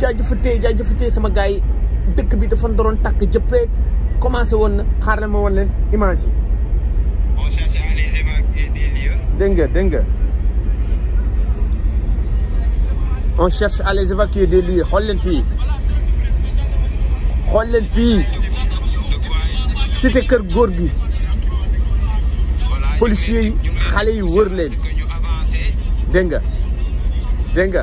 jaajëfatee jaajëfatee sama gars yi dëkk bi dafa doon takk jëppeet commencé woon na xaaral ma woon leen image yi. on cherche à les évacuer des lieux. dégg nga dégg nga on cherche à des lieux xool leen fii xool leen fii cité kër góor gi policiers yi xale yi wër leen dégg nga dégg nga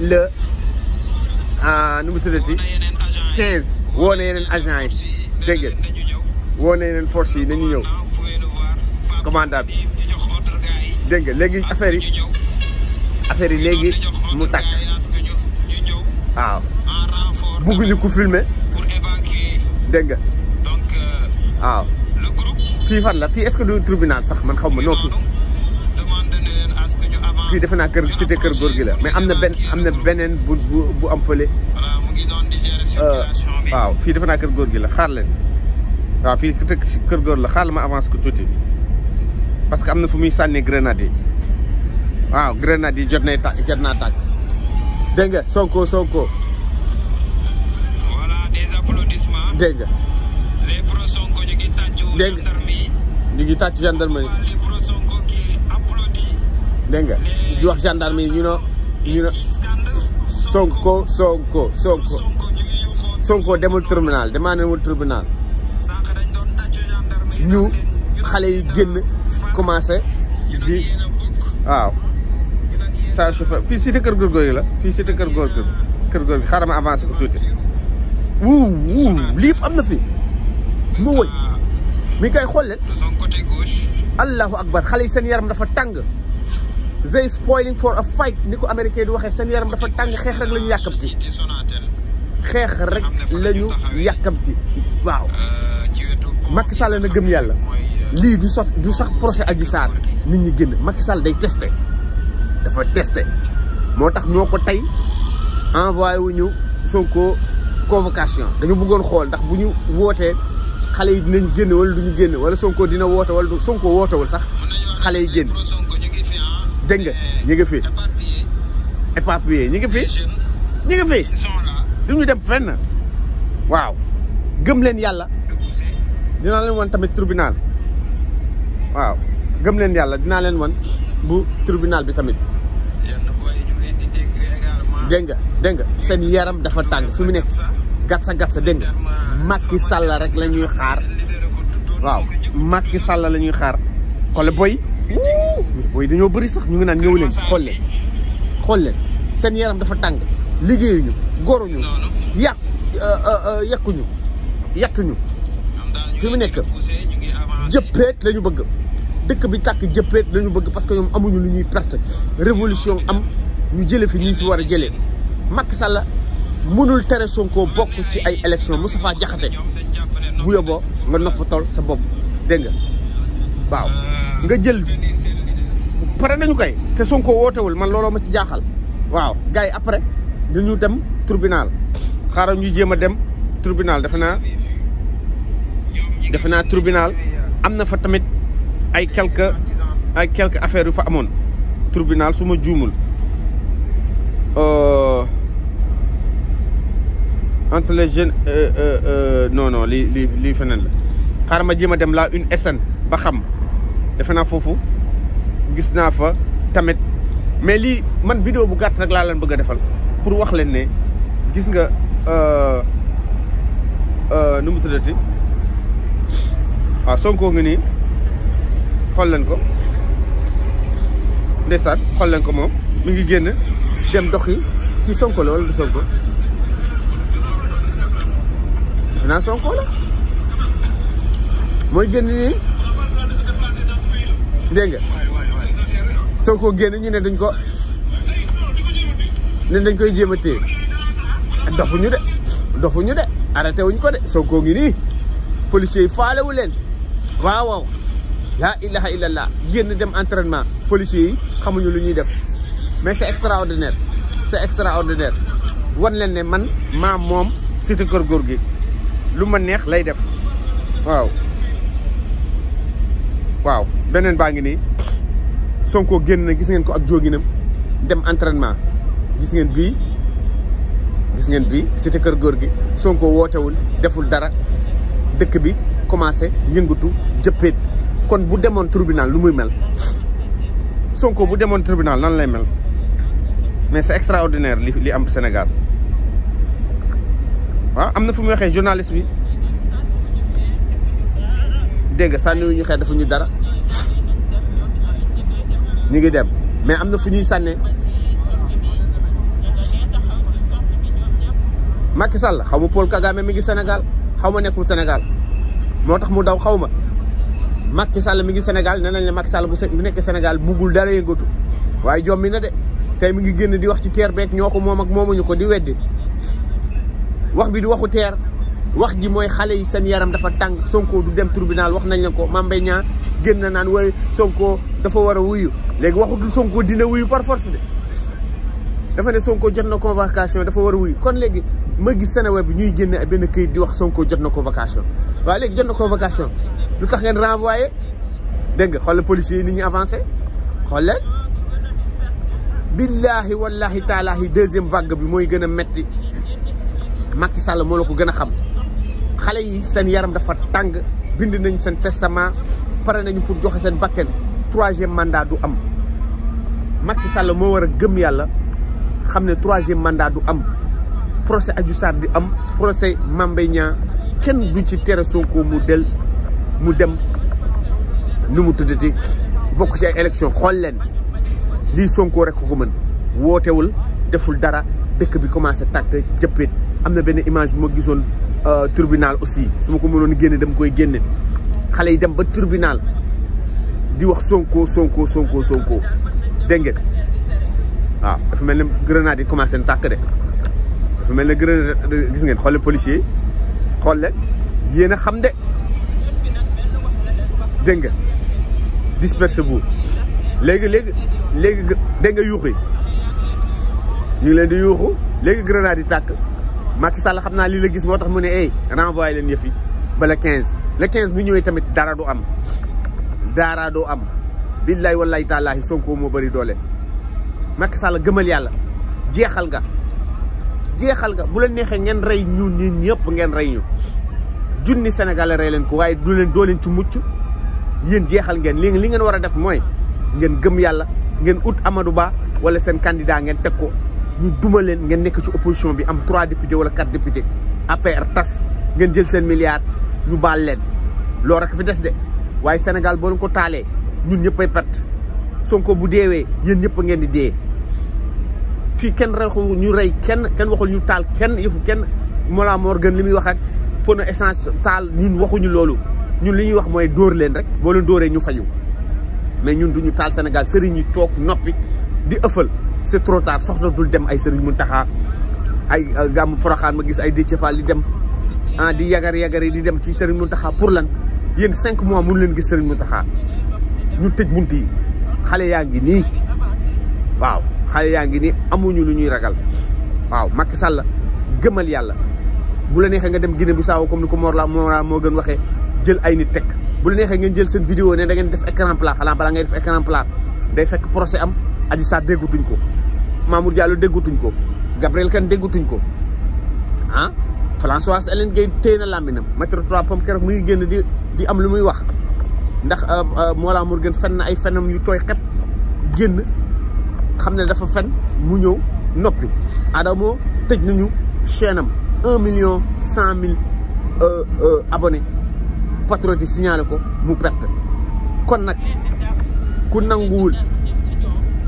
le ah, nu mu tuddati quinze woo na yeneen agents yi dégg ngeen woo na yeneen force yi nañu ñëw commandant bi léegi affaire yi affaire yi léegi mu tàkk waaw bugguñu ku filmer dégg nga waaw fii fan la fii est-ce que du tribunal sax man xaw ma noo fi defena keur ci cité keur gor gui la mais amna ben amna benen bu bu am feulé wala mu ngi don di gérer euh, circulation bi. waaw fi defena keur gor gui la xaar len waaw fii keur gor la xaar ma avance ko tuuti parce que am fu muy sànni grenade waaw grenade yi jot nay tàkk jot naa tàkk dégg Sonko Sonko. voilà des applaudissements. dégg les pro Sonko ñu ngi tàccu. gendarmerie ñu ngi tàccu gendarmerie. les sonko dégg nga di wax gendarme yi ñu no ñu no Sonko Sonko Sonko Sonko demul tribunal demandé wul tribunal ñu xale yi génn commencé di waaw fii si te kër góorgóor yi la fii si kër góorgóor kër góor xaaral ma avancé ko tuuti wuu wuu am na fi mu wëy mi ngi koy xool leen allahu akbar xale yi seen yaram dafa tàng they spoiling for a fight ni ko américain di waxee seen yaram dafa tàng xeex rek la ñu yàkkamti xeex rek la ñu yàkkamti waaw Macky Sall na gëm yàlla lii du sax du sax procès Adji Sarr nit ñi génn Macky Sall day testé dafa teste moo tax ñoo ko tey envoyé wu ñu Sonko convocation dañu bëggoon xool ndax bu ñu wootee xale yi dinañ génn wala ñu génn wala Sonko dina woote wala du Sonko wootewul sax xale yi génn dégg nga fi éparpillé ñu ngi fi ñu ngi fi du ñu dem fenn waaw gëm leen yàlla dina leen won tamit tribunal waaw gëm leen yàlla dina leen won bu tribunal bi tamit dégg nga dégg seen yaram dafa tàng fu mu ne gatsa gatsa dégg nga Macky Sall rek la ñuy xaar waaw Macky Sall la ñuy xaar xole boy booy dañoo bëri sax ñu ngi naan ñëw leen xool leen xool leen seen yaram dafa tàng liggéeyuñu goruñu yàq euh, euh, euh, yàquñu fi mu nekk jëppeet la ñu bëgg dëkk bi tàkk jëppeet la ñu bëgg parce que ñoom amuñu lu ñuy perte révolution am ñu jële fi ñu fi war a jëlee Macky Sall mënul tere Sonko bokk ci ay élection Moustapha Diakhaté bu yóbboo nga nopp tool sa bopp dégg waaw nga jël pare nañu kay te Sonko wootewul man looloo ma ci jaaxal waaw gars yi après dañu dem tribunal xaaral ñu jéem a dem tribunal defe naa defe naa tribunal am na fa tamit ay quelque ay quelque affaire yu fa amoon tribunal suma ma juumul euh, entre les jeunes euh, euh, non non lii lii lii feneen la xaaral ma jéem a dem la une SN ba xam defe naa foofu gis na fa tamit mais li man vidéo bu gatt rek la leen bëgg defal pour wax leen né gis nga euh euh numu tudati ah Sonko ngi nii xool leen ko ndessat xol leen ko mom mi ngi génn dem doxi ci Sonko lol du Sonko na Sonko la moy génn ni dengue soko génn ñu ne dañ ko ne dañ koy jéem a téye dofuñu de ñu de arrêté wuñ ko de soko ngi ni policiers yi wu len waaw waaw la ilaha illallah génn dem entraînement policiers yi xamuñu lu ñuy def mais c'est extraordinaire c'est extraordinaire won len ne man ma mom cité gor gor gi lu ma neex lay def waaw waaw benen baangi ni Sonko genn na gis ngeen ko ak joginam dem entraînement gis ngeen bi gis ngeen bi c'était keur gor gui Sonko wotewul deful dara dekk bi commencé yengutu jeppet kon bu demone tribunal lu muy mel Sonko bu demone tribunal nan lay mel mais c'est extraordinaire li li am Sénégal wa ah, am na fu muy waxee journaliste bi dégg ñu xé dafa ñu dara ñu ngi dem mais am na fu ñuy sànnee Macky Sall xaw ma pool Kagame mi ngi Sénégal xaw ma nekkul Sénégal moo tax mu daw xaw ma Macky Sall mi ngi Sénégal nee nañ la Macky Sall bu nekk Sénégal buggul dara yëngatu waaye jommi na de tey mi ngi génn di wax ci teer beeg ñoo ko moom ak moomuñu ko di weddi wax bi du waxu teer. wax ji mooy xale yi seen yaram dafa tàng Sonko du dem tribunal wax nañ la ko Mame Mbaye génn na naan waaye Sonko dafa war a wuyu léegi waxutul Sonko dina wuyu par force de dafa ne Sonko jot na convocation dafa war a wuyu kon léegi ma gis Seneweb bi ñuy a benn këyit di wax Sonko jot na convocation waaye léegi jot na convocation lu tax ngeen renvoyé dégg nga xoolal policiers yi ni ñu avancé xool leen billaahi wallaahi taalaahi deusième vague bi mooy gën a metti Macky Sall moo la ko gën a xam xale yi seen yaram dafa tàng bind nañ seen testament pare nañu pour joxe seen bakkan troisième mandat du am Macky Sall moo war a gëm yàlla xam ne troisième mandat du am procès Adji Sarr di am procès Mame kenn du ci tere Sonko mu del mu dem nu mu tudd ti bokk ci ay élection xool leen lii Sonko rek ko mën wootewul deful dara dëkk bi commencé tàkk jëppit am na benn image bu ma gisoon Euh, tribunal aussi su ma ko mënoon génne dama koy génne xale yi dem ba tribunal di wax sonko sonko sonko sonko dégg ngeen waaw ah, dafa mel ne grenade yi commencé na tàkk de dafa mel ne grenade gis ngeen xoole policier xool leen yéen a xam de dégg nga dispersé bu léegi léegi léegi dégg nga ñu ngi leen di yuuxu léegi grenade yi tàkk Macky Sall xam naa lii la gis moo tax mu ne eh renvoyé leen yëf yi ba le 15 le 15 bu ñëwee tamit dara du am dara du am billaay wallaay taalaahi ko moo bari doole Macky Sall gëmal yàlla jeexal nga jeexal nga bu la neexee ngeen rey ñu ñun ñëpp ngeen rey ñu junni sénégalais rey leen ko waaye du leen doo leen ci mucc yéen jeexal ngeen li li ngeen war a def mooy ngeen gëm yàlla ngeen ut Amadou Ba wala seen candidat ngeen teg ko. ñu duma leen ngeen nekk ci opposition bi am 3 députés wala 4 députés APR tas ngeen jël seen milliard ñu bal leen lo rek fi dess de waye Sénégal bo lu ko talé ñun ñeppay perte Sonko bu déwé yeen ñepp ngeen di dé fi kenn raxu ñu ray kenn kenn waxul ñu tal kenn yefu kenn Mollah Morgun li limi wax ak pono essence tal ñun ñu lolu ñun li ñuy wax moy door leen rek bo lu dooré ñu fayu mais ñun duñu tal Sénégal sëriñ ñu toog di ëffal c'est trop tard soxna dul dem ay serigne muntaha ay euh, gam Poroxaan ma gis ay Déthié Fall di dem ah di yagar yagar di dem ci serigne muntaha pour lan yeen 5 mois mu leen gis serigne muntaha ñu tëj bunti xalé yaangi ni waaw xalé yaangi ni amuñu lu ñuy ragal waaw Macky Sall gëmal yalla bu la nexe nga dem Guinée Bissau comme ni ko Morla Mora mo gën waxé jël ay nit tek bu la nexe ngeen jël seen vidéo né da ngeen def écran plat xala bala ngay def écran plat day fekk procès am Adji Sarr déggatuñ ko Mamour Diallo déggatuñ ko Gabriel Kane déggatuñ ko ah Françoise Hélène Guèye téye na làmminam mètre trois pomme keroog muy génn di di am lu muy wax ndax euh, euh, Mollah Morgun fen na ay fenam yu tooy xep génn xam ne dafa fen mu ñëw noppi Adamo tëj nañu chaîne am un million cent mille euh, abone patriote yi signalé ko mu perte kon nag ku nanguwul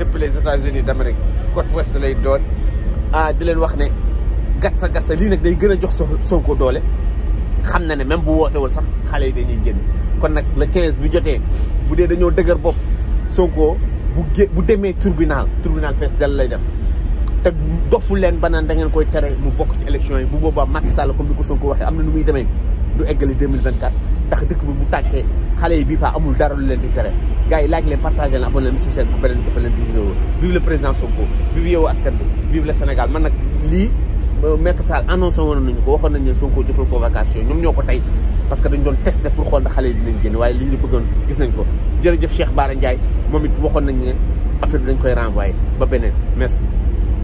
depuis les États-Unis d'Amérique côte ouest lay doon ah di leen wax ne gatsa gatsa lii nag day gën a jox Sonko doole xam na ne même bu wootewul sax xale yi dañuy génn kon nag la 15 bi jotee bu dee dañoo dëgër bopp Sonko bu gé bu demee tribunal tribunal fees dal lay def te doful leen ba naan koy tere mu bokk ci élection yi bu boobaa Macky Sall comme ni ko Sonko waxee am na nu muy demee du eggali 2024. ndax dëkk bi un yi fa amul avez vidéo vive le président Sonko vive yow vive le Sénégal man nag maître avez annoncé woon nañu ko waxoon nañ ne vous avez convocation ñoom parce que le doon testé pour xool ndax xale yi dinañ génn waaye li ñu bëggoon gis nañ ko Cheikh nañ merci